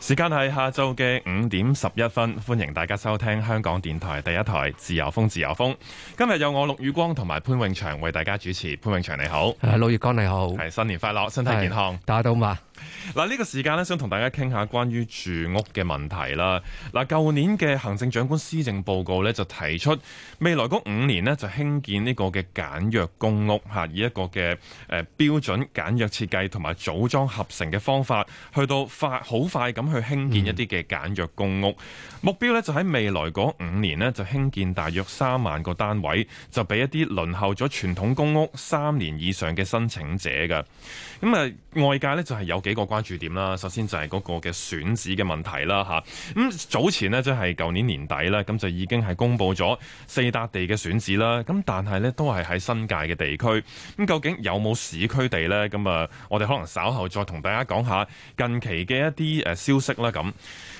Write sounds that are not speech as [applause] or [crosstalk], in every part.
時間係下晝嘅五點十一分，歡迎大家收聽香港電台第一台自由風自由風。今日有我陸宇光同埋潘永祥為大家主持。潘永祥你好，係，陸宇光你好，係新年快樂，身體健康，打到嗎嘛？嗱呢個時間咧，想同大家傾下關於住屋嘅問題啦。嗱，舊年嘅行政長官施政報告呢，就提出，未來嗰五年呢，就興建呢個嘅簡約公屋，吓以一個嘅誒標準簡約設計同埋組裝合成嘅方法，去到快好快咁去興建一啲嘅簡約公屋。目標呢，就喺未來嗰五年呢，就興建大約三萬個單位，就俾一啲輪候咗傳統公屋三年以上嘅申請者嘅。咁啊，外界呢，就係有幾幾個關注點啦，首先就係嗰個嘅選址嘅問題啦，吓，咁早前呢，即係舊年年底呢，咁就已經係公布咗四笪地嘅選址啦，咁但係呢，都係喺新界嘅地區，咁究竟有冇市區地呢？咁啊，我哋可能稍後再同大家講下近期嘅一啲誒消息啦，咁。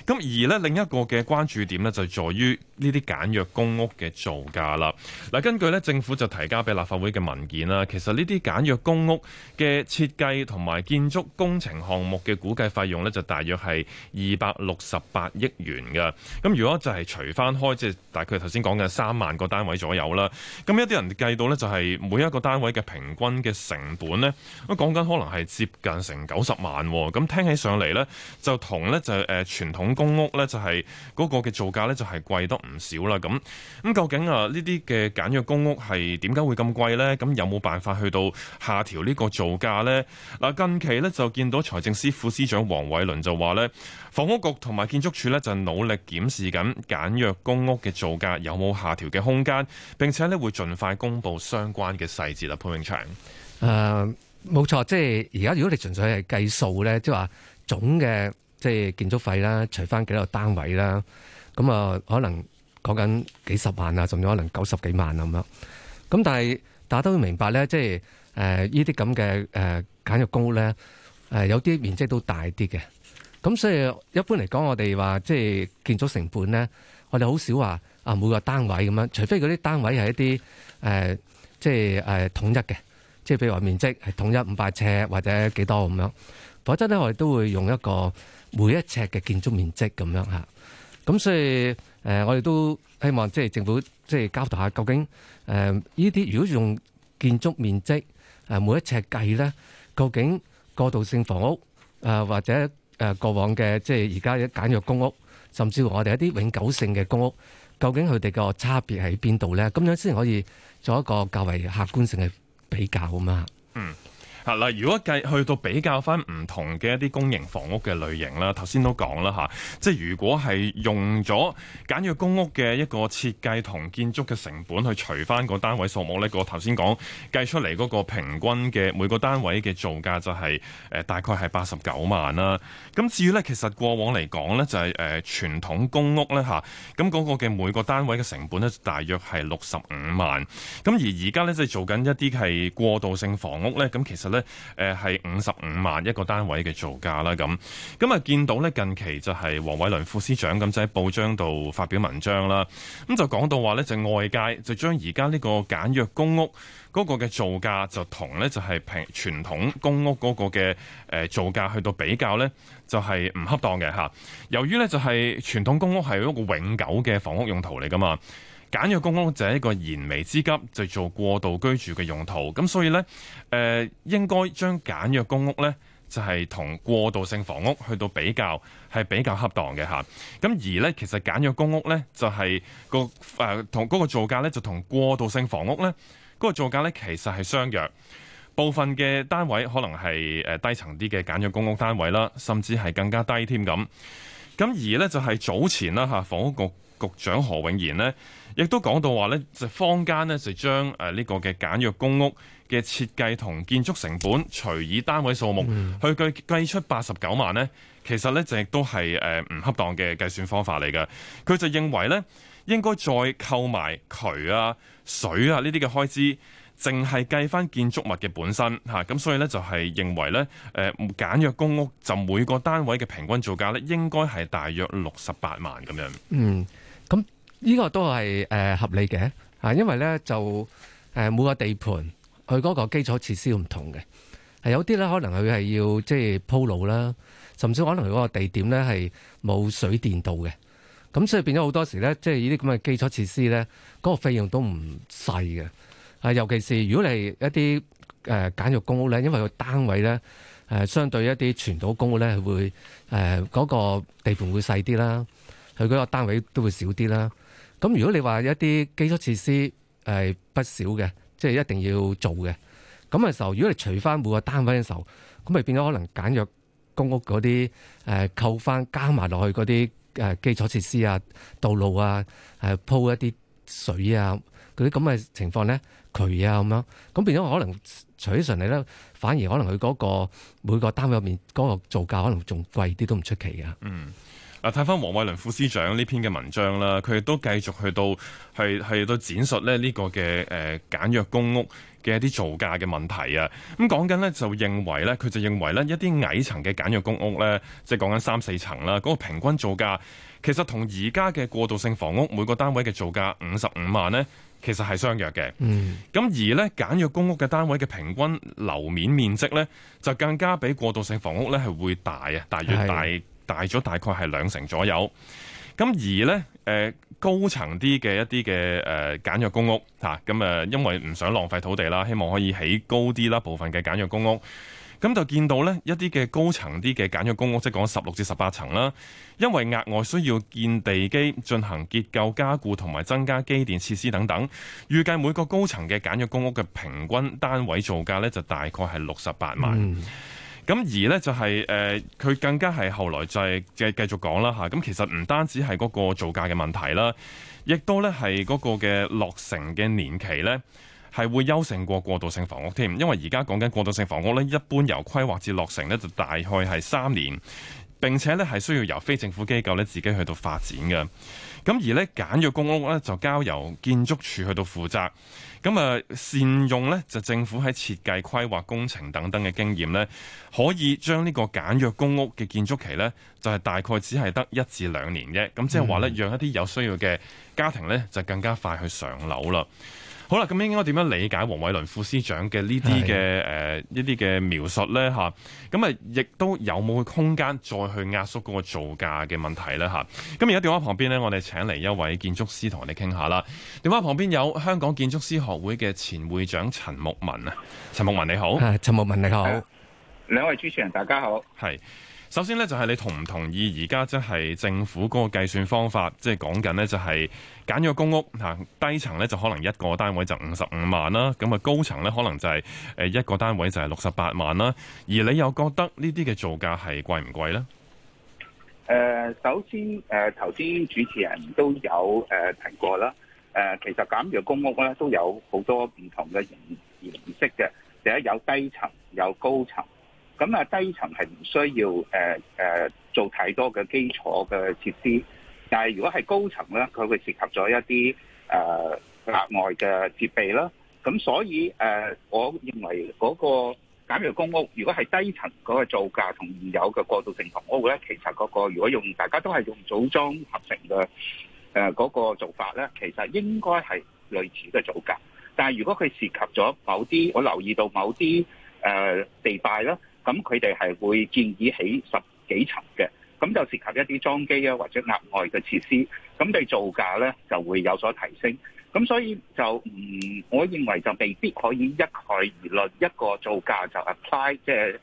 咁而咧另一個嘅關注點咧就在於呢啲簡約公屋嘅造價啦。嗱，根據咧政府就提交俾立法會嘅文件啦，其實呢啲簡約公屋嘅設計同埋建築工程項目嘅估計費用咧就大約係二百六十八億元嘅。咁如果就係除翻開即係、就是、大概頭先講嘅三萬個單位左右啦，咁一啲人計到咧就係每一個單位嘅平均嘅成本咧，咁講緊可能係接近成九十萬，咁聽起上嚟咧就同咧就係誒傳統公屋咧就係嗰個嘅造價咧就係貴得唔少啦。咁咁究竟啊呢啲嘅簡約公屋係點解會咁貴呢？咁有冇辦法去到下調呢個造價呢？嗱，近期呢，就見到財政司副司長黃偉綸就話呢，房屋局同埋建築署呢，就努力檢視緊簡約公屋嘅造價有冇下調嘅空間，並且呢會盡快公布相關嘅細節啦。潘永祥。誒，冇錯，即係而家如果你純粹係計數呢，即係話總嘅。即係建築費啦，除翻幾多個單位啦，咁啊可能講緊幾十萬啊，甚至可能九十幾萬咁樣。咁但係大家都會明白咧，即係誒依啲咁嘅誒簡約公咧，誒有啲面積都大啲嘅。咁所以一般嚟講，我哋話即係建築成本咧，我哋好少話啊每個單位咁樣，除非嗰啲單位係一啲誒即係誒統一嘅，即係譬如話面積係統一五百尺或者幾多咁樣。否則咧，我哋都會用一個每一尺嘅建築面積咁樣。咁所以我哋都希望即係政府即係交代下，究竟呢啲如果用建築面積每一尺計咧，究竟過渡性房屋或者誒過往嘅即係而家嘅簡約公屋，甚至乎我哋一啲永久性嘅公屋，究竟佢哋個差別喺邊度咧？咁樣先可以做一個較為客觀性嘅比較啊嘛。嗯。嗱，如果計去到比較翻唔同嘅一啲公營房屋嘅類型啦，頭先都講啦吓，即係如果係用咗簡約公屋嘅一個設計同建築嘅成本去除翻個單位數目咧，個頭先講計出嚟嗰個平均嘅每個單位嘅造價就係誒大概係八十九萬啦。咁至於咧，其實過往嚟講咧就係誒傳統公屋咧吓，咁嗰個嘅每個單位嘅成本咧大約係六十五萬，咁而而家咧即係做緊一啲係過渡性房屋咧，咁其實。咧，誒係五十五萬一個單位嘅造價啦，咁咁啊見到咧，近期就係黃偉綸副司長咁就喺報章度發表文章啦，咁就講到話咧就外界就將而家呢個簡約公屋嗰個嘅造價就同咧就係、是、平傳統公屋嗰個嘅誒、呃、造價去到比較咧，就係、是、唔恰當嘅嚇。由於咧就係、是、傳統公屋係一個永久嘅房屋用途嚟㗎嘛。簡約公屋就係一個燃眉之急，就做過渡居住嘅用途。咁所以呢，誒、呃、應該將簡約公屋呢，就係、是、同過渡性房屋去到比較，係比較恰當嘅嚇。咁、啊、而呢，其實簡約公屋呢，就係、是那個誒同嗰個造價呢，就同過渡性房屋呢，嗰、那個造價呢，其實係相若。部分嘅單位可能係誒低層啲嘅簡約公屋單位啦，甚至係更加低添咁。咁、啊、而呢，就係、是、早前啦嚇、啊，房屋局局長何永賢呢。亦都講到話咧，就坊間咧就將誒呢個嘅簡約公屋嘅設計同建築成本除以單位數目，去計計出八十九萬呢。其實咧就亦都係誒唔恰當嘅計算方法嚟嘅。佢就認為咧應該再扣埋渠啊、水啊呢啲嘅開支，淨係計返建築物嘅本身嚇。咁所以咧就係認為咧誒簡約公屋就每個單位嘅平均造價咧應該係大約六十八萬咁樣。嗯。呢個都係誒合理嘅啊，因為咧就誒、呃、每個地盤佢嗰個基礎設施唔同嘅，係有啲咧可能佢係要即係鋪路啦，甚至可能佢嗰個地點咧係冇水電道嘅，咁所以變咗好多時咧，即係呢啲咁嘅基礎設施咧，嗰、嗰個費用都唔細嘅啊，尤其是如果你係一啲誒、呃、簡約公屋咧，因為個單位咧誒、呃、相對一啲傳統公屋咧，會誒嗰、呃嗰個地盤會細啲啦，佢嗰個單位都會少啲啦。咁如果你話一啲基礎設施係不少嘅，即係一定要做嘅，咁嘅時候，如果你除翻每個單位嘅時候，咁咪變咗可能簡約公屋嗰啲誒扣翻加埋落去嗰啲誒基礎設施啊、道路啊、誒鋪一啲水啊嗰啲咁嘅情況咧、渠啊咁樣，咁變咗可能除咗純利咧，反而可能佢嗰個每個單位入面嗰個造價可能仲貴啲都唔出奇㗎。嗯。啊！睇翻黃偉倫副司長呢篇嘅文章啦，佢亦都繼續去到係去，去到闡述咧呢個嘅誒簡約公屋嘅一啲造價嘅問題啊。咁講緊咧就認為咧，佢就認為咧一啲矮層嘅簡約公屋咧，即係講緊三四層啦，嗰個平均造價其實同而家嘅過渡性房屋每個單位嘅造價五十五萬咧，其實係相若嘅。嗯。咁而咧簡約公屋嘅單位嘅平均樓面面積咧，就更加比過渡性房屋咧係會大啊，大約大。大咗大概係兩成左右，咁而呢，誒高層啲嘅一啲嘅誒簡約公屋吓，咁誒因為唔想浪費土地啦，希望可以起高啲啦，部分嘅簡約公屋，咁就見到呢一啲嘅高層啲嘅簡約公屋，即係講十六至十八層啦，因為額外需要建地基、進行結構加固同埋增加機電設施等等，預計每個高層嘅簡約公屋嘅平均單位造價呢，就大概係六十八萬。嗯咁而呢、就係，就係佢更加係後來就係繼續續講啦吓，咁其實唔單止係嗰個造價嘅問題啦，亦都呢係嗰個嘅落成嘅年期呢，係會優勝過過渡性房屋添，因為而家講緊過渡性房屋呢，一般由規劃至落成呢，就大概係三年，並且呢係需要由非政府機構呢自己去到發展嘅。咁而咧簡約公屋咧就交由建築署去到負責，咁啊善用咧就政府喺設計、規劃、工程等等嘅經驗咧，可以將呢個簡約公屋嘅建築期咧就係大概只係得一至兩年啫，咁即係話咧讓一啲有需要嘅家庭咧就更加快去上樓啦。好啦，咁應該點樣理解黃偉倫副司長嘅呢啲嘅誒一啲嘅描述咧？吓咁啊，亦都有冇空間再去壓縮嗰個造價嘅問題咧？吓咁而家電話旁邊咧，我哋請嚟一位建築師同我哋傾下啦。電話旁邊有香港建築師學會嘅前會長陳沐文啊，陳沐文你好，啊、陳沐文你好，啊、兩位主持人大家好，係。首先咧，就係你同唔同意而家即係政府嗰個計算方法，即係講緊呢，就係簡約公屋嗱，低層呢，就可能一個單位就五十五萬啦，咁啊高層呢，可能就係誒一個單位就係六十八萬啦，而你又覺得呢啲嘅造價係貴唔貴呢？誒、呃，首先誒、頭、呃、先主持人都有誒、呃、提過啦，誒、呃，其實簡約公屋咧都有好多唔同嘅形形式嘅，第一有低層，有高層。咁啊，低層係唔需要誒誒、呃、做太多嘅基礎嘅設施，但係如果係高層咧，佢會涉及咗一啲誒、呃、額外嘅設備啦。咁所以誒、呃，我認為嗰個簡約公屋，如果係低層嗰個造價同現有嘅過渡性房屋咧，其實嗰個如果用大家都係用組裝合成嘅誒、嗰個做法咧，其實應該係類似嘅造價。但係如果佢涉及咗某啲，我留意到某啲、呃、地帶咧。咁佢哋係會建議起十幾層嘅，咁就涉及一啲裝機啊，或者額外嘅設施，咁對造價呢，就會有所提升。咁所以就唔，我認為就未必可以一概而論，一個造價就 apply 即係即、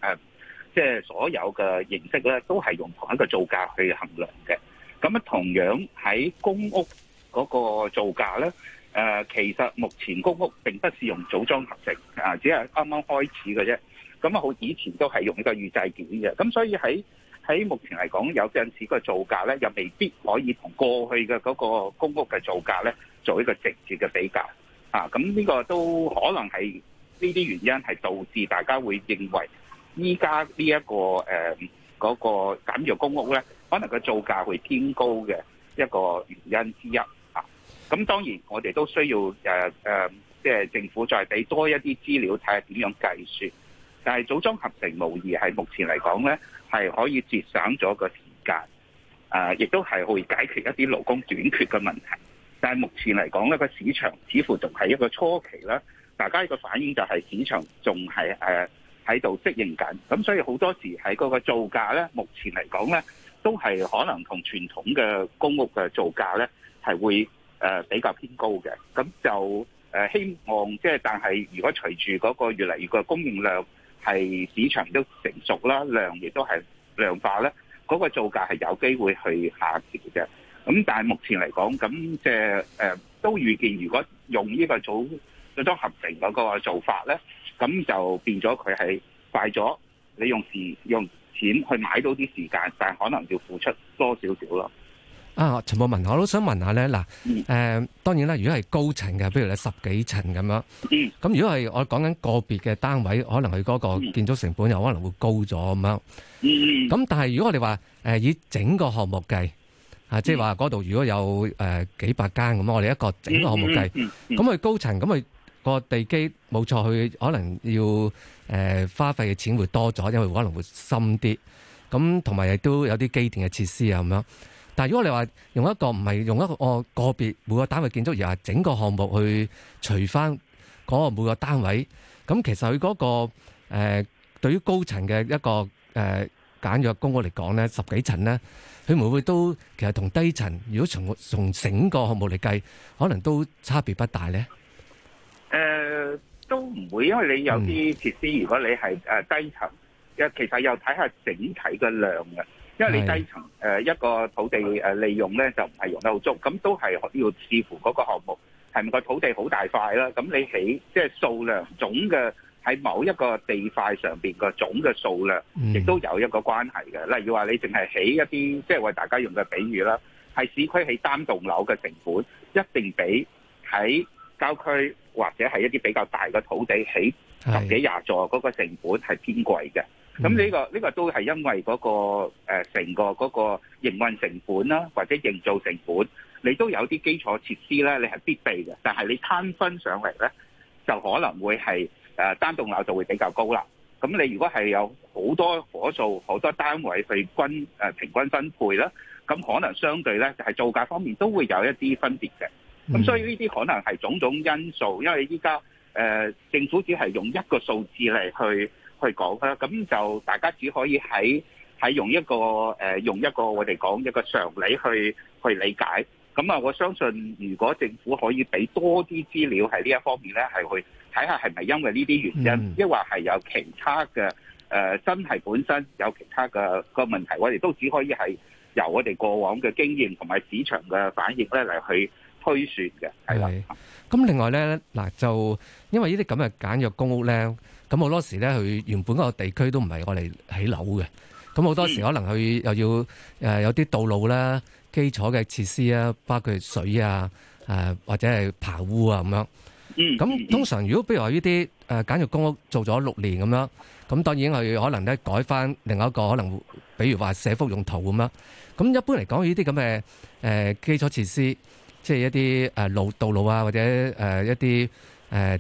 呃、係所有嘅形式呢都係用同一個造價去衡量嘅。咁啊，同樣喺公屋嗰個造價呢、呃，其實目前公屋並不是用組裝合成啊，只係啱啱開始嘅啫。咁啊，好以前都係用呢個預製件嘅，咁所以喺喺目前嚟講，有陣時個造價咧又未必可以同過去嘅嗰個公屋嘅造價咧做一個直接嘅比較啊。咁呢個都可能係呢啲原因係導致大家會認為依家呢一個嗰、呃嗰個簡約公屋咧，可能個造價會偏高嘅一個原因之一啊。咁當然我哋都需要即、呃呃、政府再俾多一啲資料睇下點樣計算。但係組裝合成無疑係目前嚟講呢係可以節省咗個時間，誒，亦都係會解決一啲勞工短缺嘅問題。但係目前嚟講呢個市場似乎仲係一個初期啦，大家呢個反應就係市場仲係誒喺度適應緊，咁所以好多時喺嗰個造價呢，目前嚟講呢，都係可能同傳統嘅公屋嘅造價呢係會誒比較偏高嘅。咁就誒希望即係，但係如果隨住嗰個越嚟越個供應量。係市場都成熟啦，量亦都係量化咧，嗰個造價係有機會去下調嘅。咁但係目前嚟講，咁即係誒都預見，如果用呢個組組裝合成嗰個做法咧，咁就變咗佢係快咗。你用時用錢去買到啲時間，但係可能要付出多少少咯。啊，陳沐文，我都想問下咧，嗱，誒當然啦，如果係高層嘅，比如你十幾層咁樣，咁如果係我講緊個別嘅單位，可能佢嗰個建築成本又可能會高咗咁樣。咁但係如果我哋話誒以整個項目計，啊，即係話嗰度如果有誒幾百間咁，我哋一個整個項目計，咁佢高層咁佢個地基冇錯，佢可能要誒花費嘅錢會多咗，因為可能會深啲。咁同埋亦都有啲機電嘅設施啊咁樣。但係如果你話用一個唔係用一個個別每個單位建築，而係整個項目去除翻嗰個每個單位，咁其實佢、那、嗰個誒、呃、對於高層嘅一個誒、呃、簡約公屋嚟講咧，十幾層咧，佢會唔會都其實同低層，如果從從整個項目嚟計，可能都差別不大咧？誒、呃，都唔會，因為你有啲設施，嗯、如果你係誒低層，其實又睇下整體嘅量嘅。因為你低層誒一個土地利用咧，就唔係用得好足，咁都係要視乎嗰個項目係咪個土地好大塊啦？咁你起即係數量總嘅喺某一個地塊上面個總嘅數量，亦都有一個關係嘅。嗯、例如話你淨係起一啲即係為大家用嘅比喻啦，喺市區起三棟樓嘅成本，一定比喺郊區或者係一啲比較大嘅土地起十幾廿座嗰個成本係偏貴嘅。咁呢、呢個呢、呢個都係因為嗰、嗰個成、呃、個嗰個營運成本啦，或者營造成本，你都有啲基礎設施咧，你係必備嘅。但係你攤分上嚟咧，就可能會係誒、呃、單棟樓就會比較高啦。咁你如果係有好多火數好多單位去均、呃、平均分配啦，咁可能相對咧就係、係、造價方面都會有一啲分別嘅。咁、嗯、所以呢啲可能係種種因素，因為依家誒政府只係用一個數字嚟去，去講啦，咁就大家只可以喺喺用一個、呃、用一個我哋講一個常理去去理解。咁啊，我相信如果政府可以俾多啲資料喺呢一方面咧，係去睇下係咪因為呢啲原因，亦或係有其他嘅誒，真、呃、係本身有其他嘅個問題，我哋都只可以係由我哋過往嘅經驗同埋市場嘅反應咧嚟去推算嘅，係啦。咁另外咧嗱，就因為呢啲咁嘅簡約公屋咧。咁好多時咧，佢原本嗰個地區都唔係用嚟起樓嘅。咁好多時可能佢又要誒、呃、有啲道路啦、基礎嘅設施啊，包括水啊、誒、呃、或者係排污啊咁樣。咁通常如果譬如話呢啲誒簡約公屋做咗六年咁樣，咁當然佢可能咧改翻另一個可能比如話社福用途咁樣。咁一般嚟講，呢啲咁嘅誒基礎設施，即係一啲誒路道路啊，或者誒、呃、一啲誒、呃、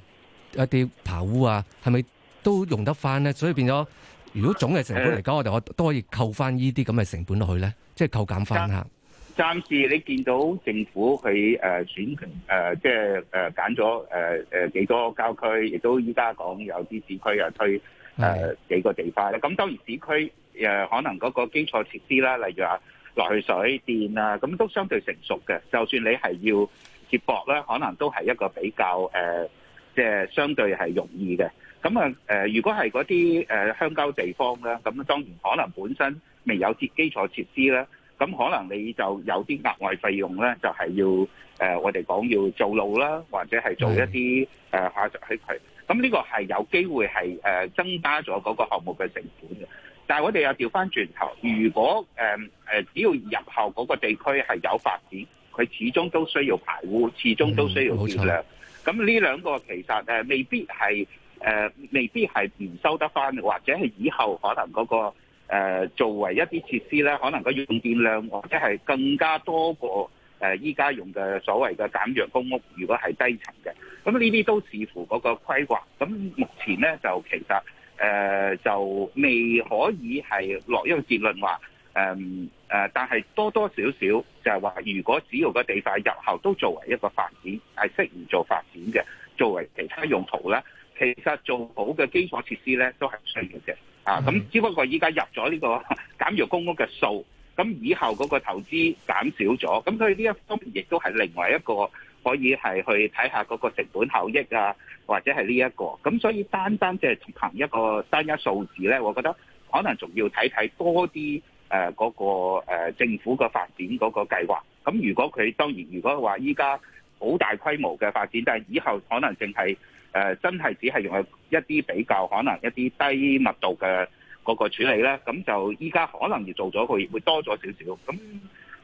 一啲排污啊，係咪？都用得翻咧，所以變咗，如果總嘅成本嚟講，我哋都可以扣翻呢啲咁嘅成本落去咧，即係扣減翻嚇。暫時你見到政府佢誒選權、呃、即係揀咗誒誒幾多郊區，亦都依家講有啲市區啊推誒、呃、是幾個地方啦。咁當然市區、呃、可能嗰個基礎設施啦，例如話落去水電啊，咁都相對成熟嘅。就算你係要接駁咧，可能都係一個比較、呃、即係相對係容易嘅。咁啊，如果係嗰啲誒鄉郊地方咧，咁當然可能本身未有設基礎設施咧，咁可能你就有啲額外費用咧，就係要誒我哋講要做路啦，或者係做一啲誒下屬喺佢。咁呢是的、啊、個係有機會係誒增加咗嗰個項目嘅成本嘅。但係我哋又調翻轉頭，如果誒誒、嗯、只要入後嗰個地區係有發展，佢始終都需要排污，始終都需要掂量。咁呢兩個其實誒未必係。誒、呃、未必係唔收得返，或者係以後可能嗰、那個、呃、作為一啲設施咧，可能個用電量或者係更加多過誒依家用嘅所謂嘅簡約公屋，如果係低層嘅，咁呢啲都視乎嗰個規劃。咁目前咧就其實誒、呃、就未可以係落一個結論話誒誒、呃呃，但係多多少少就係話，如果只要個地塊入後都作為一個發展係適宜做發展嘅，作為其他用途咧。其實做好嘅基礎設施咧，都係需要嘅啊！咁、嗯、只不過依家入咗呢個簡約公屋嘅數，咁以後嗰個投資減少咗，咁所以呢一方面亦都係另外一個可以係去睇下嗰個成本效益啊，或者係呢一個。咁所以單單就係憑一個單一數字咧，我覺得可能仲要睇睇多啲誒嗰個政府嘅發展嗰個計劃。咁如果佢當然，如果話依家好大規模嘅發展，但係以後可能淨係。誒、呃、真係只係用一啲比較可能一啲低密度嘅嗰個處理咧，咁就依家可能要做咗佢，會多咗少少。咁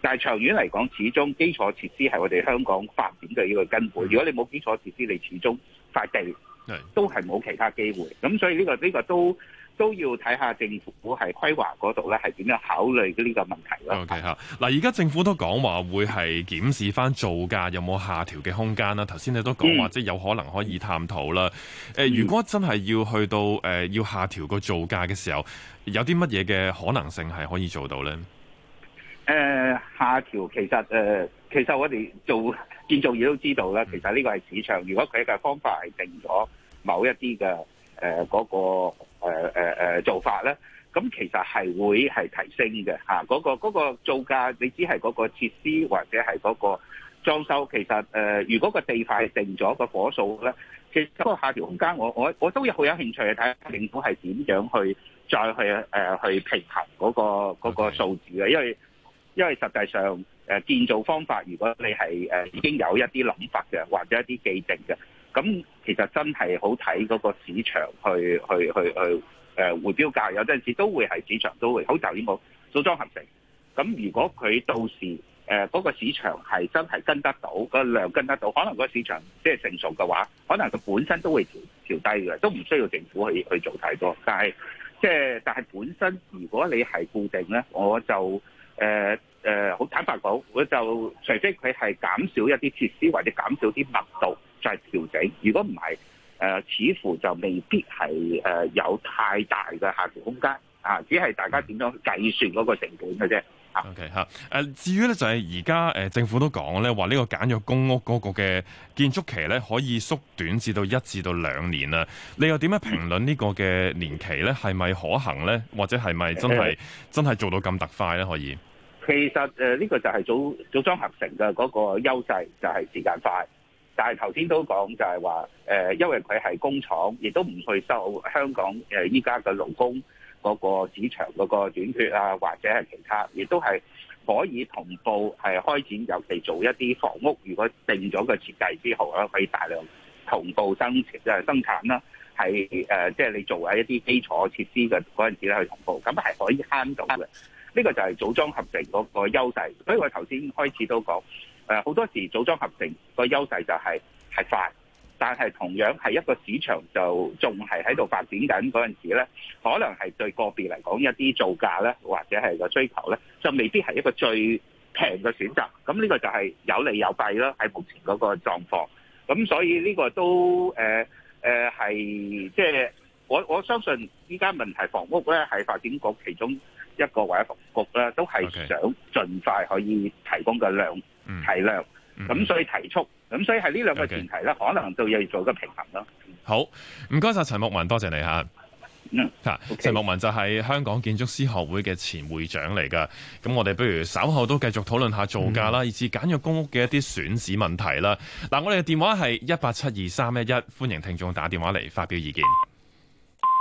但係長遠嚟講，始終基礎設施係我哋香港發展嘅呢個根本。如果你冇基礎設施，你始終塊地都係冇其他機會。咁所以呢、呢個、呢個都。都要睇下政府係規劃嗰度咧，係點樣考慮呢個問題啦。OK 嚇，嗱而家政府都講話會係檢視翻造價有冇下調嘅空間啦。頭先你都講話，即係有可能可以探討啦。誒、嗯，如果真係要去到誒、呃、要下調個造價嘅時候，有啲乜嘢嘅可能性係可以做到咧？誒、呃，下調其實誒、呃，其實我哋做建造業都知道啦。其實呢個係市場，如果佢嘅方法係定咗某一啲嘅誒嗰個。誒誒、呃呃、做法咧，咁其實係會係提升嘅嗰、啊那個嗰、那個、造價，你知係嗰個設施或者係嗰個裝修，其實誒、呃，如果個地塊定咗、那個火數咧，其實嗰個下調空間我，我我我都有好有興趣去睇下政府係點樣去再去誒、呃、去平衡嗰個嗰、那個、數字嘅，因為因為實際上誒、呃、建造方法，如果你係誒、呃、已經有一啲諗法嘅，或者一啲記證嘅。咁其實真係好睇嗰個市場去去去去誒回標價，有陣時都會係市場都會好，頭先講組裝合成。咁如果佢到時誒嗰個市場係真係跟得到個量跟得到，可能個市場即係成熟嘅話，可能佢本身都會調調低嘅，都唔需要政府去去做太多。但係即係但係本身如果你係固定咧，我就誒誒好坦白講，我就除非佢係減少一啲設施或者減少啲密度。就係調整，如果唔係，誒、呃、似乎就未必係誒、呃、有太大嘅下調空間啊，只係大家點樣計算嗰個成本嘅啫。啊、OK 嚇、啊、誒，至於咧就係而家誒政府都講咧話呢個簡約公屋嗰個嘅建築期咧可以縮短至到一至到兩年啦。你又點樣評論呢個嘅年期咧係咪可行咧，或者係咪真係 [laughs] 真係做到咁突快咧？可以其實誒呢、呃這個就係組組裝合成嘅嗰個優勢，就係、是、時間快。但係頭先都講，就係話誒，因為佢係工廠，亦都唔去收香港誒依家嘅勞工嗰個市場嗰個短缺啊，或者係其他，亦都係可以同步係開展，尤其做一啲房屋，如果定咗個設計之後咧，可以大量同步生產生產啦，係誒，即係你做喺一啲基礎設施嘅嗰陣時咧，去同步，咁係可以慳到嘅。呢個就係組裝合成嗰個優勢。所以我頭先開始都講。誒好多時組裝合成個優勢就係係快，但係同樣係一個市場就仲係喺度發展緊嗰陣時咧，可能係對個別嚟講一啲造價咧，或者係個需求咧，就未必係一個最平嘅選擇。咁呢個就係有利有弊啦，喺目前嗰個狀況。咁所以呢個都誒誒係即係我我相信依家問題房屋咧，係發展局其中一個或者房局咧，都係想盡快可以提供嘅量。嗯，提量，咁、嗯嗯、所以提速，咁、嗯、所以係呢兩個前提咧，可能都要做一個平衡咯。Okay. 好，唔該晒陳沐文，多謝你吓。吓陳沐文就係香港建築師學會嘅前會長嚟噶。咁我哋不如稍後都繼續討論下造價啦，嗯、以至簡約公屋嘅一啲選址問題啦。嗱，我哋嘅電話係一八七二三一一，歡迎聽眾打電話嚟發表意見。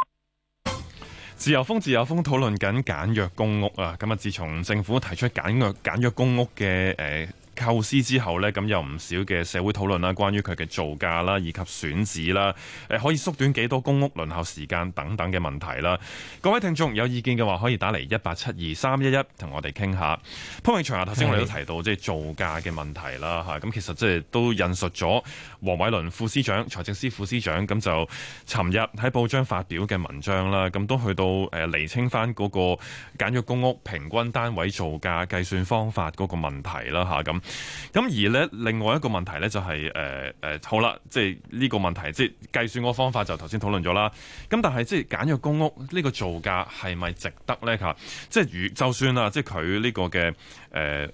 [noise] 自由風，自由風，討論緊簡約公屋啊！咁啊，自從政府提出簡約簡約公屋嘅誒。呃構思之後呢，咁有唔少嘅社會討論啦，關於佢嘅造價啦，以及選址啦，誒，可以縮短幾多公屋輪候時間等等嘅問題啦。各位聽眾有意見嘅話，可以打嚟一八七二三一一同我哋傾下。潘永祥啊，頭先我哋都提到即係造價嘅問題啦，吓咁的其實即係都引述咗黃偉綸副司長、財政司副司長咁就，尋日喺報章發表嘅文章啦，咁都去到誒釐清返嗰個簡約公屋平均單位造價計算方法嗰個問題啦，吓咁。咁而咧，另外一個問題咧就係、是呃呃、好啦，即係呢個問題，即係計算嗰個方法就頭先討論咗啦。咁但係即係簡約公屋呢個造價係咪值得咧？嚇，即係如就算啦，即係佢呢個嘅、呃、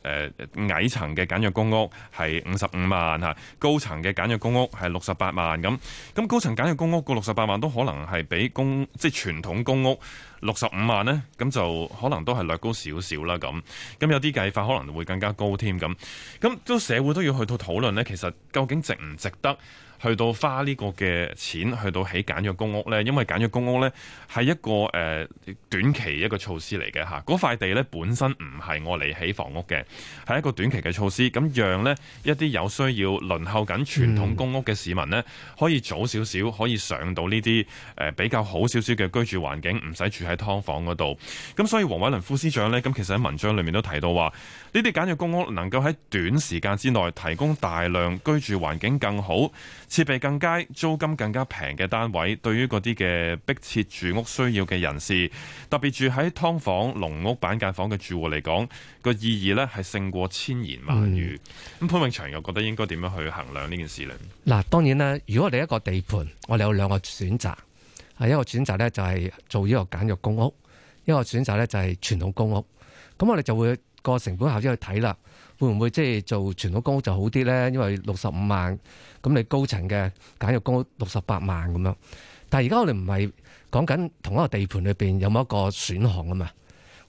矮層嘅簡約公屋係五十五萬嚇，高層嘅簡約公屋係六十八萬咁。咁高層簡約公屋個六十八萬都可能係比公，即係傳統公屋。六十五萬呢，咁就可能都係略高少少啦。咁，咁有啲計法可能會更加高添。咁，咁都社會都要去到討論呢，其實究竟值唔值得？去到花呢個嘅錢去到起簡約公屋呢？因為簡約公屋呢係一個、呃、短期一個措施嚟嘅，嗰塊地呢本身唔係我嚟起房屋嘅，係一個短期嘅措施，咁讓呢一啲有需要輪候緊傳統公屋嘅市民呢，可以早少少可以上到呢啲、呃、比較好少少嘅居住環境，唔使住喺劏房嗰度。咁所以黃偉綸副司長呢，咁其實喺文章裏面都提到話，呢啲簡約公屋能夠喺短時間之內提供大量居住環境更好，設備更佳、租金更加平嘅單位，對於嗰啲嘅迫切住屋需要嘅人士，特別住喺劏房、籠屋、板間房嘅住戶嚟講，個意義咧係勝過千言萬語。咁、嗯、潘永祥又覺得應該點樣去衡量呢件事呢？嗱，當然啦，如果我哋一個地盤，我哋有兩個選擇，係一個選擇咧就係做呢個簡約公屋，一個選擇咧就係傳統公屋。咁我哋就會個成本效益去睇啦。會唔會即係做全屋公屋就好啲咧？因為六十五萬咁，你高層嘅簡約公屋六十八萬咁樣。但係而家我哋唔係講緊同一個地盤裏邊有冇一個選項啊嘛。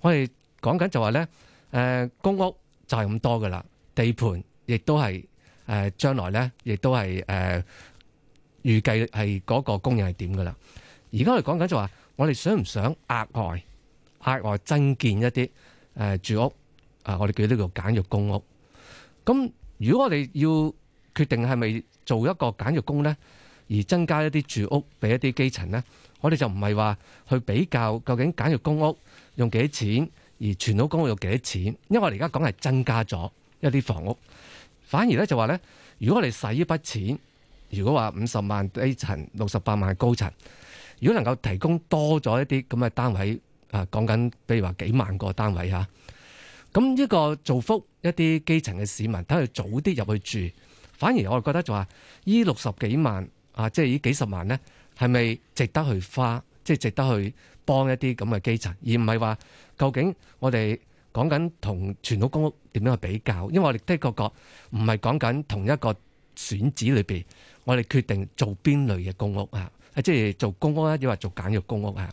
我哋講緊就話咧，誒公屋就係咁多噶啦，地盤亦都係誒將來咧，亦都係誒預計係嗰個供應係點噶啦。而家我哋講緊就話，我哋想唔想額外額外增建一啲誒、呃、住屋？啊！我哋叫呢個簡約公屋。咁如果我哋要決定係咪做一個簡約公咧，而增加一啲住屋俾一啲基層咧，我哋就唔係話去比較究竟簡約公屋用幾多錢，而全屋公屋用幾多錢？因為我哋而家講係增加咗一啲房屋，反而咧就話咧，如果我哋使呢筆錢，如果話五十萬低層六十八萬高層，如果能夠提供多咗一啲咁嘅單位啊，講緊，比如話幾萬個單位吓。咁呢個造福一啲基層嘅市民，睇佢早啲入去住，反而我哋覺得就話依六十幾萬啊，即係依幾十萬咧，係咪值得去花？即係值得去幫一啲咁嘅基層，而唔係話究竟我哋講緊同傳統公屋點樣去比較？因為我哋的確覺唔係講緊同一個選址裏面，我哋決定做邊類嘅公屋啊？即係做公屋咧，亦或做簡約公屋啊？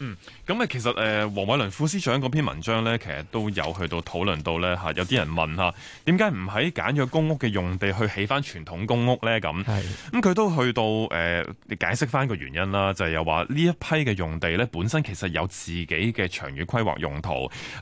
嗯，咁啊，其實誒黃偉倫副司長嗰篇文章咧，其實都有去到討論到咧嚇，有啲人問嚇點解唔喺簡約公屋嘅用地去起翻傳統公屋咧？咁的，咁佢、嗯、都去到誒、呃、解釋翻個原因啦，就係、是、又話呢一批嘅用地咧，本身其實有自己嘅長遠規劃用途，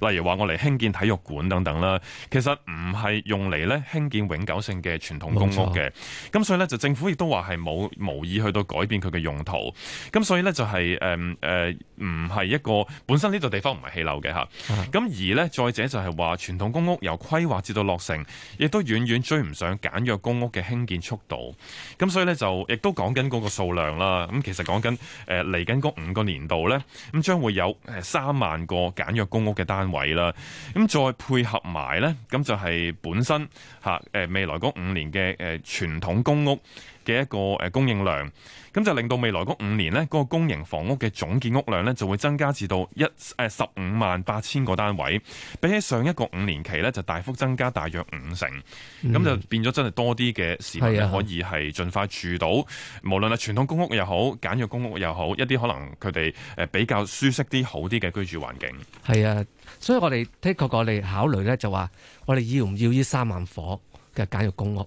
例如話我嚟興建體育館等等啦，其實唔係用嚟咧興建永久性嘅傳統公屋嘅。咁錯所以咧就政府亦都話係冇無意去到改變佢嘅用途，咁所以咧就係誒誒。呃呃唔係一個本身呢度地方唔係起樓嘅咁、嗯、而呢，再者就係話傳統公屋由規劃至到落成，亦都遠遠追唔上簡約公屋嘅興建速度，咁所以呢，就亦都講緊嗰個數量啦。咁其實講緊嚟緊嗰五個年度呢，咁將會有三萬個簡約公屋嘅單位啦。咁再配合埋呢，咁就係本身、呃、未來嗰五年嘅誒傳統公屋嘅一個供應量。咁就令到未來嗰五年呢嗰、嗰個公營房屋嘅總建屋量呢，就會增加至到一誒十五萬八千個單位，比起上一個五年期呢，就大幅增加大約五成，咁、嗯、就變咗真係多啲嘅市民咧可以係儘快住到，啊、無論係傳統公屋又好，簡約公屋又好，一啲可能佢哋誒比較舒適啲、好啲嘅居住環境。係啊，所以我哋的確我哋考慮呢，就話，我哋要唔要呢三萬伙嘅簡約公屋？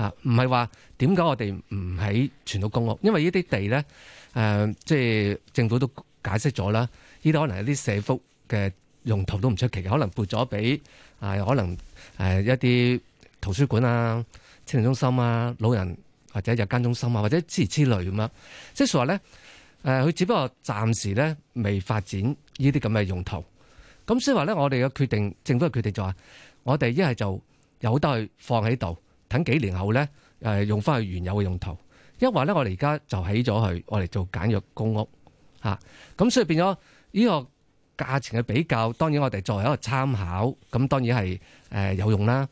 啊，唔係話點解我哋唔喺傳統公屋？因為呢啲地咧，誒、呃，即係政府都解釋咗啦。呢啲可能係啲社福嘅用途都唔出奇，可能撥咗俾啊，可能誒一啲圖書館啊、青年中心啊、老人或者日間中心啊，或者之類之類咁樣。即係話咧，誒、呃，佢只不過暫時咧未發展呢啲咁嘅用途。咁所以話咧，我哋嘅決定，政府嘅決定就話，我哋一係就有得去放喺度。等幾年後咧，用翻去原有嘅用途，因為咧我哋而家就起咗去我哋做簡約公屋咁、啊、所以變咗呢個價錢嘅比較，當然我哋作為一個參考，咁當然係、呃、有用啦。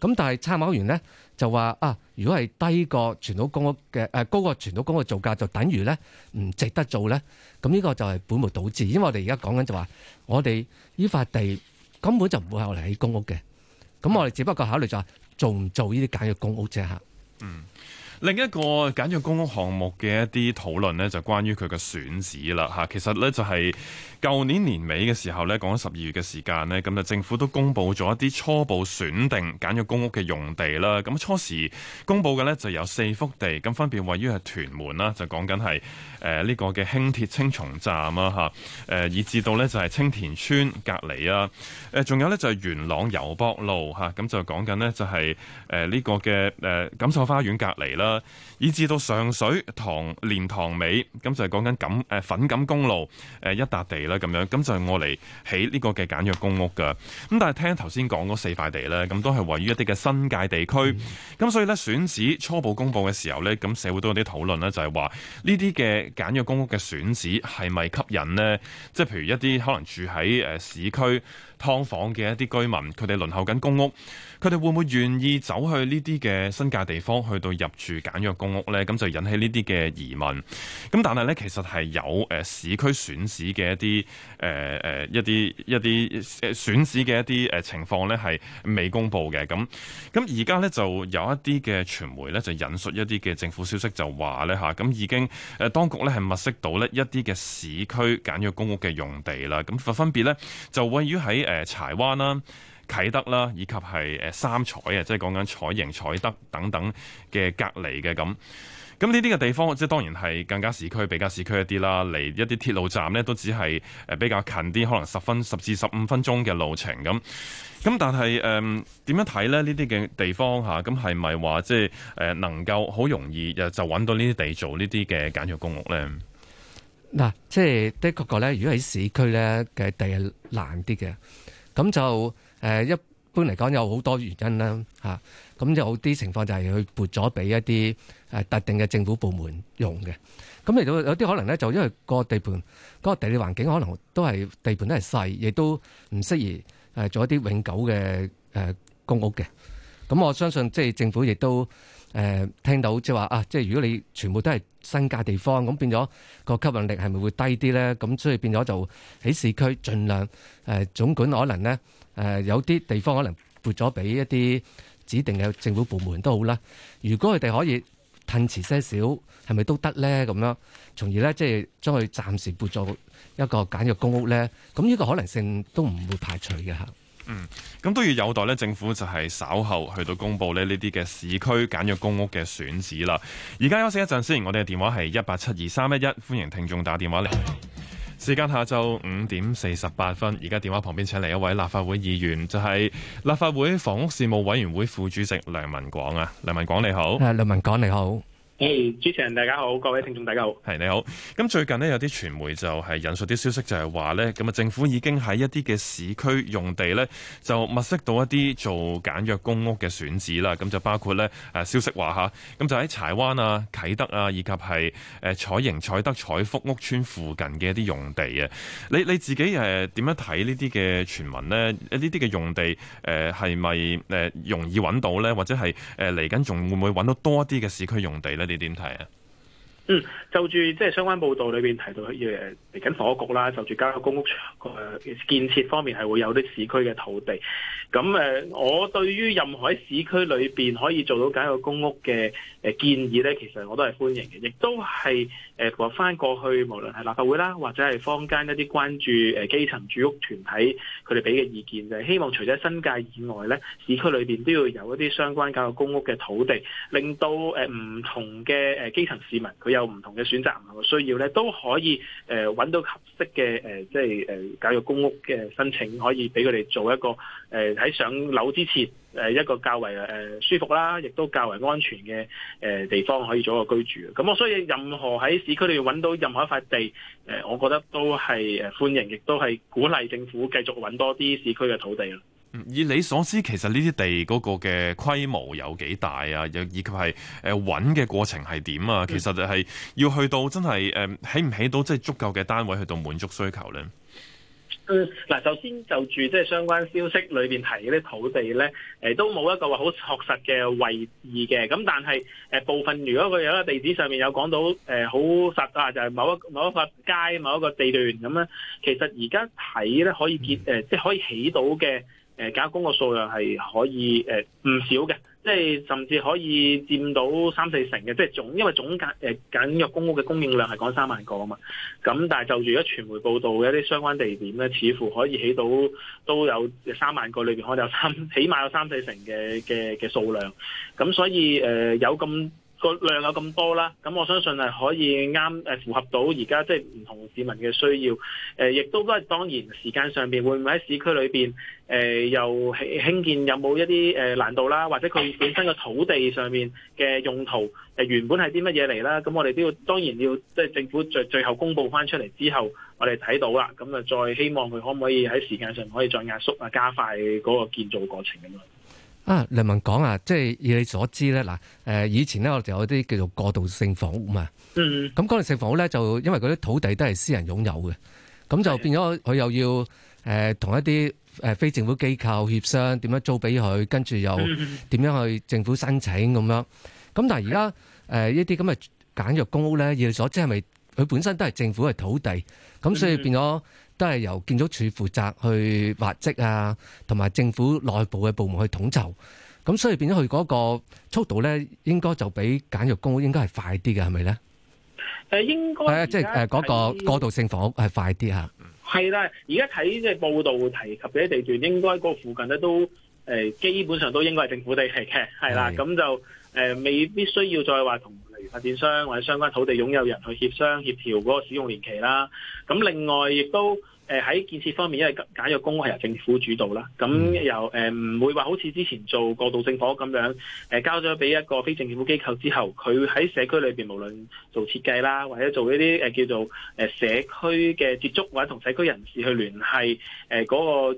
咁但係參考完咧就話啊，如果係低過傳統公屋嘅、啊、高過傳統公屋造價，就等於咧唔值得做咧。咁呢個就係本末倒置，因為我哋而家講緊就話、是，我哋呢塊地根本就唔會係我哋起公屋嘅，咁我哋只不過考慮就係做唔做呢啲簡約公屋借客？嗯。另一個簡約公屋項目嘅一啲討論呢，就關於佢嘅選址啦嚇。其實呢，就係舊年年尾嘅時候呢，講緊十二月嘅時間呢。咁就政府都公布咗一啲初步選定簡約公屋嘅用地啦。咁初時公布嘅呢，就有四幅地，咁分別位於係屯門啦，就講緊係誒呢個嘅輕鐵青松站啦吓，誒以至到呢，就係青田村隔離啦。誒仲有呢，就係元朗油博路嚇，咁就講緊呢，就係誒呢個嘅誒錦繡花園隔離啦。以至到上水塘蓮塘尾，咁就係講緊錦誒粉錦公路誒一笪地啦，咁樣，咁就係我嚟起呢個嘅簡約公屋噶。咁但係聽頭先講嗰四塊地咧，咁都係位於一啲嘅新界地區，咁所以咧，選址初步公布嘅時候咧，咁社會都有啲討論啦，就係話呢啲嘅簡約公屋嘅選址係咪吸引呢？即係譬如一啲可能住喺誒市區。劏房嘅一啲居民，佢哋輪候緊公屋，佢哋會唔會願意走去呢啲嘅新界地方去到入住簡約公屋咧？咁就引起移民呢啲嘅疑問，咁但係咧，其實係有誒、呃、市區選址嘅一啲誒誒一啲一啲誒選址嘅一啲誒情況咧，係未公布嘅。咁咁而家咧就有一啲嘅傳媒咧就引述一啲嘅政府消息就，就話咧吓，咁已經誒、呃、當局咧係物色到咧一啲嘅市區簡約公屋嘅用地啦。咁分別呢咧就位於喺。誒，柴灣啦、啟德啦，以及係誒三彩啊，即係講緊彩盈、彩德等等嘅隔籬嘅咁。咁呢啲嘅地方，即係當然係更加市區、比較市區一啲啦。離一啲鐵路站咧，都只係誒比較近啲，可能十分十至十五分鐘嘅路程咁。咁但係誒，點、呃、樣睇咧？呢啲嘅地方吓，咁係咪話即係誒、呃、能夠好容易就搵到呢啲地做呢啲嘅簡約公屋咧？嗱，即係的確嗰咧，如果喺市區咧嘅地係難啲嘅。咁就一般嚟講有好多原因啦嚇，咁有啲情況就係去撥咗俾一啲特定嘅政府部門用嘅，咁嚟到有啲可能咧就因為個地盤嗰個地理環境可能都係地盤都係細，亦都唔適宜做一啲永久嘅公屋嘅，咁我相信即係政府亦都。誒、呃、聽到即係話啊，即係如果你全部都係新界地方，咁變咗個吸引力係咪會低啲咧？咁所以變咗就喺市區盡量誒、呃、總管可能咧誒、呃、有啲地方可能撥咗俾一啲指定嘅政府部門都好啦。如果佢哋可以褪遲些少，係咪都得咧？咁樣從而咧，即係將佢暫時撥咗一個簡約公屋咧，咁呢個可能性都唔會排除嘅嚇。嗯，咁都要有待咧，政府就係稍後去到公布呢啲嘅市區簡約公屋嘅選址啦。而家休息一陣先，我哋嘅電話係一八七二三一一，歡迎聽眾打電話嚟。時間下晝五點四十八分，而家電話旁邊請嚟一位立法會議員，就係、是、立法會房屋事務委員會副主席梁文廣啊，梁文廣你好，梁、呃、梁文廣你好。主持人大家好，各位聽眾大家好，係你好。咁最近呢，有啲傳媒就係引述啲消息就，就係話呢，咁啊政府已經喺一啲嘅市，市區用地呢，就物色到一啲做簡約公屋嘅選址啦。咁就包括呢誒，消息話吓，咁就喺柴灣啊、啟德啊，以及係誒彩盈、彩德、彩福屋邨附近嘅一啲用地啊。你你自己誒點樣睇呢啲嘅傳聞呢？呢啲嘅用地誒係咪誒容易揾到呢？或者係誒嚟緊仲會唔會揾到多啲嘅市區用地呢？你點睇啊？嗯，就住即係相關報道裏邊提到，要嚟緊房屋局啦，就住簡約公屋誒建設方面，係會有啲市區嘅土地。咁誒我對於任何喺市區裏邊可以做到簡約公屋嘅誒建議咧，其實我都係歡迎嘅，亦都係誒話翻過去，無論係立法會啦，或者係坊間一啲關注誒、呃、基層住屋團體佢哋俾嘅意見，就係、是、希望除咗新界以外咧，市區裏邊都要有一啲相關簡約公屋嘅土地，令到誒唔、呃、同嘅誒、呃、基層市民有唔同嘅選擇、唔同嘅需要咧，都可以誒揾、呃、到合適嘅誒，即係誒教育公屋嘅申請，可以俾佢哋做一個誒喺、呃、上樓之前誒、呃、一個較為誒、呃、舒服啦，亦都較為安全嘅誒、呃、地方，可以做一個居住。咁我所以任何喺市區裡面要揾到任何一塊地，誒、呃，我覺得都係誒、呃、歡迎，亦都係鼓勵政府繼續揾多啲市區嘅土地啦。以你所知，其實呢啲地嗰個嘅規模有幾大啊？又以及係誒揾嘅過程係點啊？其實係要去到真係誒起唔起到即係足夠嘅單位去到滿足需求咧。嗱、嗯，首先就住即係相關消息裏面提嗰啲土地咧、呃，都冇一個話好確實嘅位置嘅。咁但係、呃、部分，如果佢有一個地址上面有講到誒好、呃、實啊，就係、是、某一個某一個街某一個地段咁咧，其實而家睇咧可以建、呃、即係可以起到嘅。誒簡約公屋嘅數量係可以誒唔、呃、少嘅，即係甚至可以佔到三四成嘅，即係總因為總簡誒簡約公屋嘅供應量係講三萬個啊嘛，咁但係就住而家傳媒報道嘅一啲相關地點咧，似乎可以起到都有三萬個裏面，可能有三起碼有三四成嘅嘅嘅數量，咁所以誒、呃、有咁。個量有咁多啦，咁我相信係可以啱符合到而家即係唔同市民嘅需要，亦都都係當然時間上面會唔會喺市區裏面誒又興建有冇一啲難度啦，或者佢本身嘅土地上面嘅用途原本係啲乜嘢嚟啦？咁我哋都要當然要即係政府最最後公佈翻出嚟之後，我哋睇到啦，咁啊再希望佢可唔可以喺時間上可以再壓縮啊，加快嗰個建造過程咁樣。啊，梁文廣啊，即係以你所知咧？嗱，誒，以前咧我就有啲叫做過渡性房屋嘛，嗯，咁過渡性房屋咧、嗯、就因為嗰啲土地都係私人擁有嘅，咁就變咗佢又要誒同、呃、一啲誒非政府機構協商點樣租俾佢，跟住又點樣去政府申請咁樣，咁但係而家誒呢啲咁嘅簡約公屋咧，以你所知係咪佢本身都係政府嘅土地，咁所以變咗。都係由建築署負責去劃則啊，同埋政府內部嘅部門去統籌，咁所以變咗佢嗰個速度咧，應該就比簡約公屋應該係快啲嘅，係咪咧？誒，應該、啊、即係誒，嗰個過渡性房屋係快啲吓、啊。係啦，而家睇即係報道提及嘅地段，應該個附近咧都誒，基本上都應該係政府地皮嘅，係啦，咁的就誒，未必需要再話同。發展商或者相關土地擁有人去協商協調嗰個使用年期啦，咁另外亦都。誒喺建設方面，因為簡約公屋係由政府主導啦，咁又誒唔會話好似之前做過渡性房屋咁樣，誒交咗俾一個非政府機構之後，佢喺社區裏邊無論做設計啦，或者做一啲誒叫做誒社區嘅接觸或者同社區人士去聯繫，誒、呃、嗰、嗰個誒，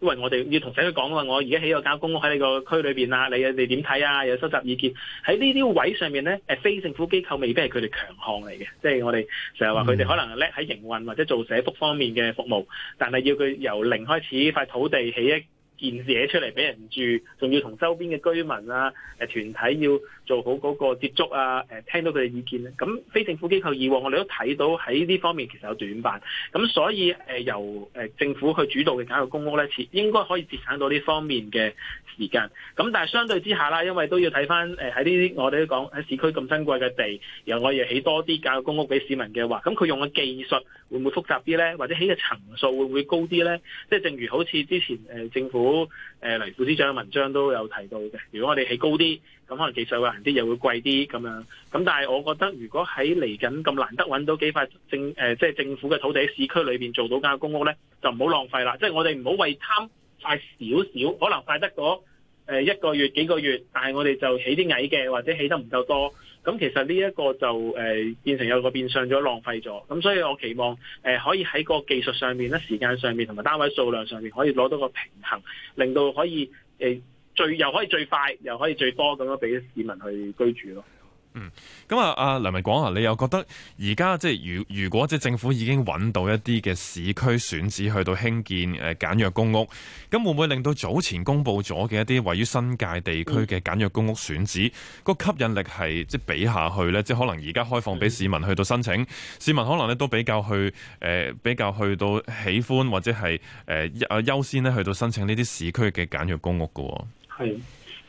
因為我哋要同社區講啊，我而家起咗個簡約公屋喺你個區裏邊啊，你有你點睇啊？有收集意見喺呢啲位上面咧，誒非政府機構未必係佢哋強項嚟嘅，即係我哋成日話佢哋可能叻喺營運或者做社福方面嘅服務。但係要佢由零開始，呢塊土地起一件事出嚟俾人住，仲要同周邊嘅居民啊、誒團體要做好嗰個接觸啊、誒聽到佢嘅意見咧，咁非政府機構以往我哋都睇到喺呢方面其實有短板，咁所以由政府去主導嘅簡約公屋咧，切應該可以節省到呢方面嘅時間。咁但係相對之下啦，因為都要睇翻喺呢啲我哋都講喺市區咁珍貴嘅地，然後我哋起多啲簡約公屋俾市民嘅話，咁佢用嘅技術會唔會複雜啲咧？或者起嘅層數會唔會高啲咧？即係正如好似之前，呃，政府。股誒，黎副司長嘅文章都有提到嘅。如果我哋起高啲，咁可能技術會難啲，又會貴啲咁樣。咁但係我覺得，如果喺嚟緊咁難得揾到幾塊政誒，即係政府嘅土地，市區裏邊做到間公屋咧，就唔好浪費啦。即係我哋唔好為貪快少少，可能快得咗。誒一個月幾個月，但係我哋就起啲矮嘅，或者起得唔夠多，咁其實呢一個就誒、呃、變成有個變相咗浪費咗，咁所以我期望誒、呃、可以喺個技術上面咧、時間上面同埋單位數量上面可以攞到個平衡，令到可以誒、呃、最又可以最快又可以最多咁樣俾市民去居住咯。嗯，咁啊，阿梁文廣啊，你又覺得而家即係如如果即係政府已經揾到一啲嘅市區選址去到興建誒、呃、簡約公屋，咁會唔會令到早前公布咗嘅一啲位於新界地區嘅簡約公屋選址，個吸引力係即係比下去呢？即係可能而家開放俾市民去到申請，的市民可能咧都比較去誒、呃、比較去到喜歡或者係誒優先咧去到申請呢啲市區嘅簡約公屋㗎喎、哦。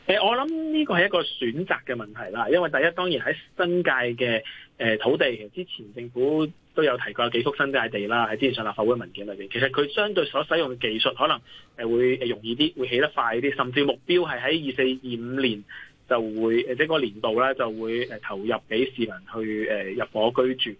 誒，我諗呢個係一個選擇嘅問題啦，因為第一當然喺新界嘅誒土地，其實之前政府都有提過有幾幅新界地啦，喺之前上立法會文件裏邊，其實佢相對所使用嘅技術可能誒會容易啲，會起得快啲，甚至目標係喺二四、二五年。就會即係個年度咧就會投入俾市民去誒、呃、入伙居住。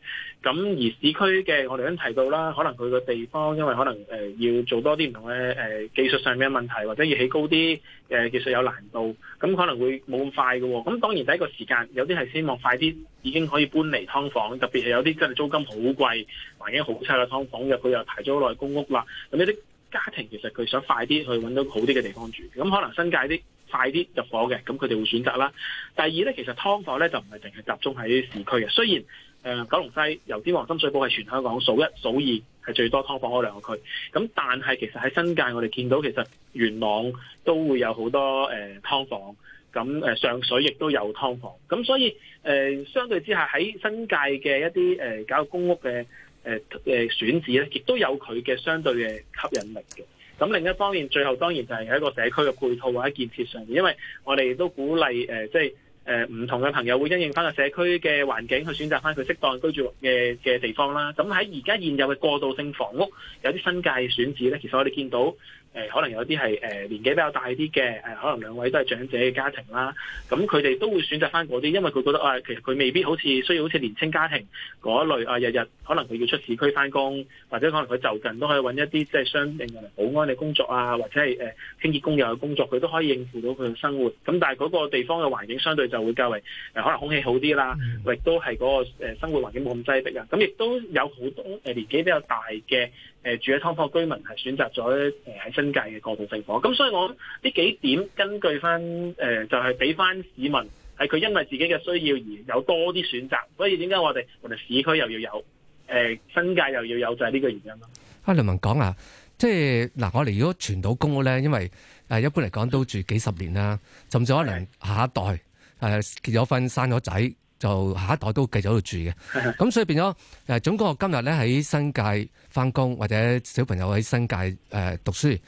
咁而市區嘅我哋都提到啦，可能佢個地方因為可能、呃、要做多啲唔同嘅誒、呃、技術上嘅問題，或者要起高啲誒，技、呃、術有難度，咁可能會冇咁快嘅、哦。咁當然第一個時間，有啲係希望快啲已經可以搬離劏房，特別係有啲真係租金好貴、環境好差嘅劏房，嘅佢又排咗好耐公屋啦。咁呢啲家庭其實佢想快啲去搵到好啲嘅地方住。咁可能新界啲。快啲入伙嘅，咁佢哋會選擇啦。第二呢，其實劏房呢就唔係淨係集中喺市區嘅。雖然誒、呃、九龍西、油尖旺、深水埗係全香港數一數二係最多劏房嗰兩個區，咁但係其實喺新界，我哋見到其實元朗都會有好多誒、呃、劏房，咁、呃、上水亦都有劏房，咁所以誒、呃、相對之下喺新界嘅一啲誒搞公屋嘅誒誒選址呢，亦都有佢嘅相對嘅吸引力嘅。咁另一方面，最後當然就係一個社區嘅配套或者建設上面，因為我哋都鼓勵誒，即係誒唔同嘅朋友會因應翻個社區嘅環境去選擇翻佢適當居住嘅嘅地方啦。咁喺而家現有嘅過渡性房屋有啲新界選址咧，其實我哋見到。誒可能有啲係年紀比較大啲嘅，可能兩位都係長者嘅家庭啦。咁佢哋都會選擇翻嗰啲，因為佢覺得啊，其實佢未必好似需要好似年青家庭嗰類啊，日日可能佢要出市區翻工，或者可能佢就近都可以揾一啲即係相應嘅保安嘅工作啊，或者係誒清潔工友嘅工作，佢都可以應付到佢嘅生活。咁但係嗰個地方嘅環境相對就會較為可能空氣好啲啦，亦、嗯、都係嗰個生活環境冇咁擠迫啊。咁亦都有好多年紀比較大嘅。誒、呃、住喺劏房居民係選擇咗誒喺新界嘅過渡性房，咁所以我呢幾點根據翻誒、呃、就係俾翻市民係佢因為自己嘅需要而有多啲選擇，所以點解我哋我哋市區又要有誒、呃、新界又要有就係呢個原因咯。阿梁、啊、文廣啊，即係嗱、啊，我哋如果存到公屋咧，因為誒、啊、一般嚟講都住幾十年啦，甚至可能下一代誒結咗婚、的啊、了一份生咗仔。就下一代都繼續喺度住嘅，咁所以變咗誒，總講我今日咧喺新界返工，或者小朋友喺新界誒讀書，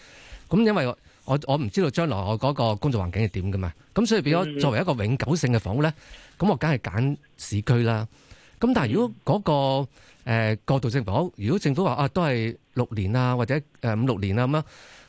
咁因為我我我唔知道將來我嗰個工作環境係點㗎嘛，咁所以變咗作為一個永久性嘅房屋咧，咁我梗係揀市區啦。咁但係如果嗰個誒過渡性房屋，如果政府話啊都係六年啊，或者誒五六年啊咁樣，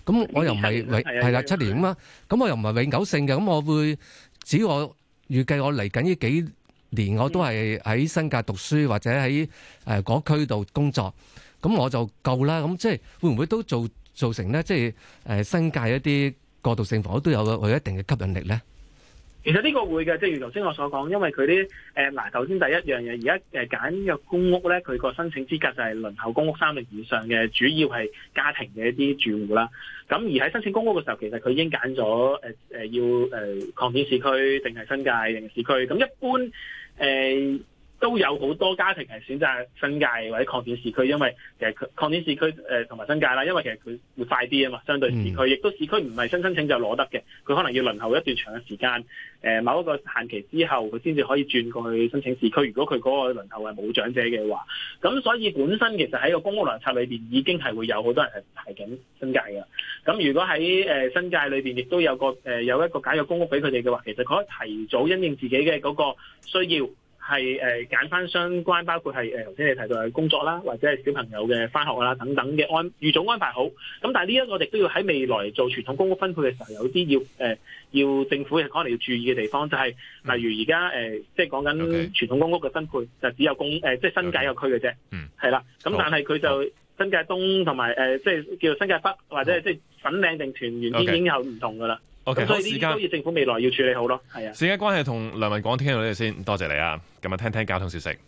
咁我又唔係永係啦七年嘛，咁我又唔係永久性嘅，咁我會只要我預計我嚟緊呢幾？連我都係喺新界讀書或者喺誒嗰區度工作，咁我就夠啦。咁即係會唔會都做造成呢？即係、呃、新界一啲過渡性房屋都有有一定嘅吸引力呢？其實呢個會嘅，即如頭先我所講，因為佢啲誒嗱，呃、頭先第一樣嘢，而家誒簡約公屋咧，佢個申請資格就係輪候公屋三年以上嘅，主要係家庭嘅一啲住戶啦。咁而喺申請公屋嘅時候，其實佢已經揀咗誒要誒擴展市區定係新界定市區。咁一般誒。呃都有好多家庭係選擇新界或者擴展市區，因為其實擴擴展市區誒同埋新界啦，因為其實佢會快啲啊嘛，相對市區。亦都市區唔係新申請就攞得嘅，佢可能要輪候一段長嘅時間、呃，某一個限期之後，佢先至可以轉過去申請市區。如果佢嗰個輪候係冇長者嘅話，咁所以本身其實喺個公屋輪候冊裏面已經係會有好多人係排緊新界噶。咁如果喺、呃、新界裏面亦都有個、呃、有一個簡約公屋俾佢哋嘅話，其實可以提早因應自己嘅嗰個需要。係誒揀返相關，包括係誒頭先你提到嘅工作啦，或者係小朋友嘅返學啦等等嘅安預早安排好。咁但係呢一個我哋都要喺未來做傳統公屋分配嘅時候，有啲要誒、呃、要政府可能要注意嘅地方，就係、是、例如而家誒即係講緊傳統公屋嘅分配 Okay. 就只有公誒即係新界個區嘅啫，係啦 Okay.。咁、嗯嗯、但係佢就新界東同埋即係叫做新界北或者係即係粉嶺定屯門已經有唔同噶啦。Okay, 所以呢啲都要政府未來要處理好咯。係啊，時間關係同梁文廣傾到呢度先，多謝你啊。今日聽聽交通消息。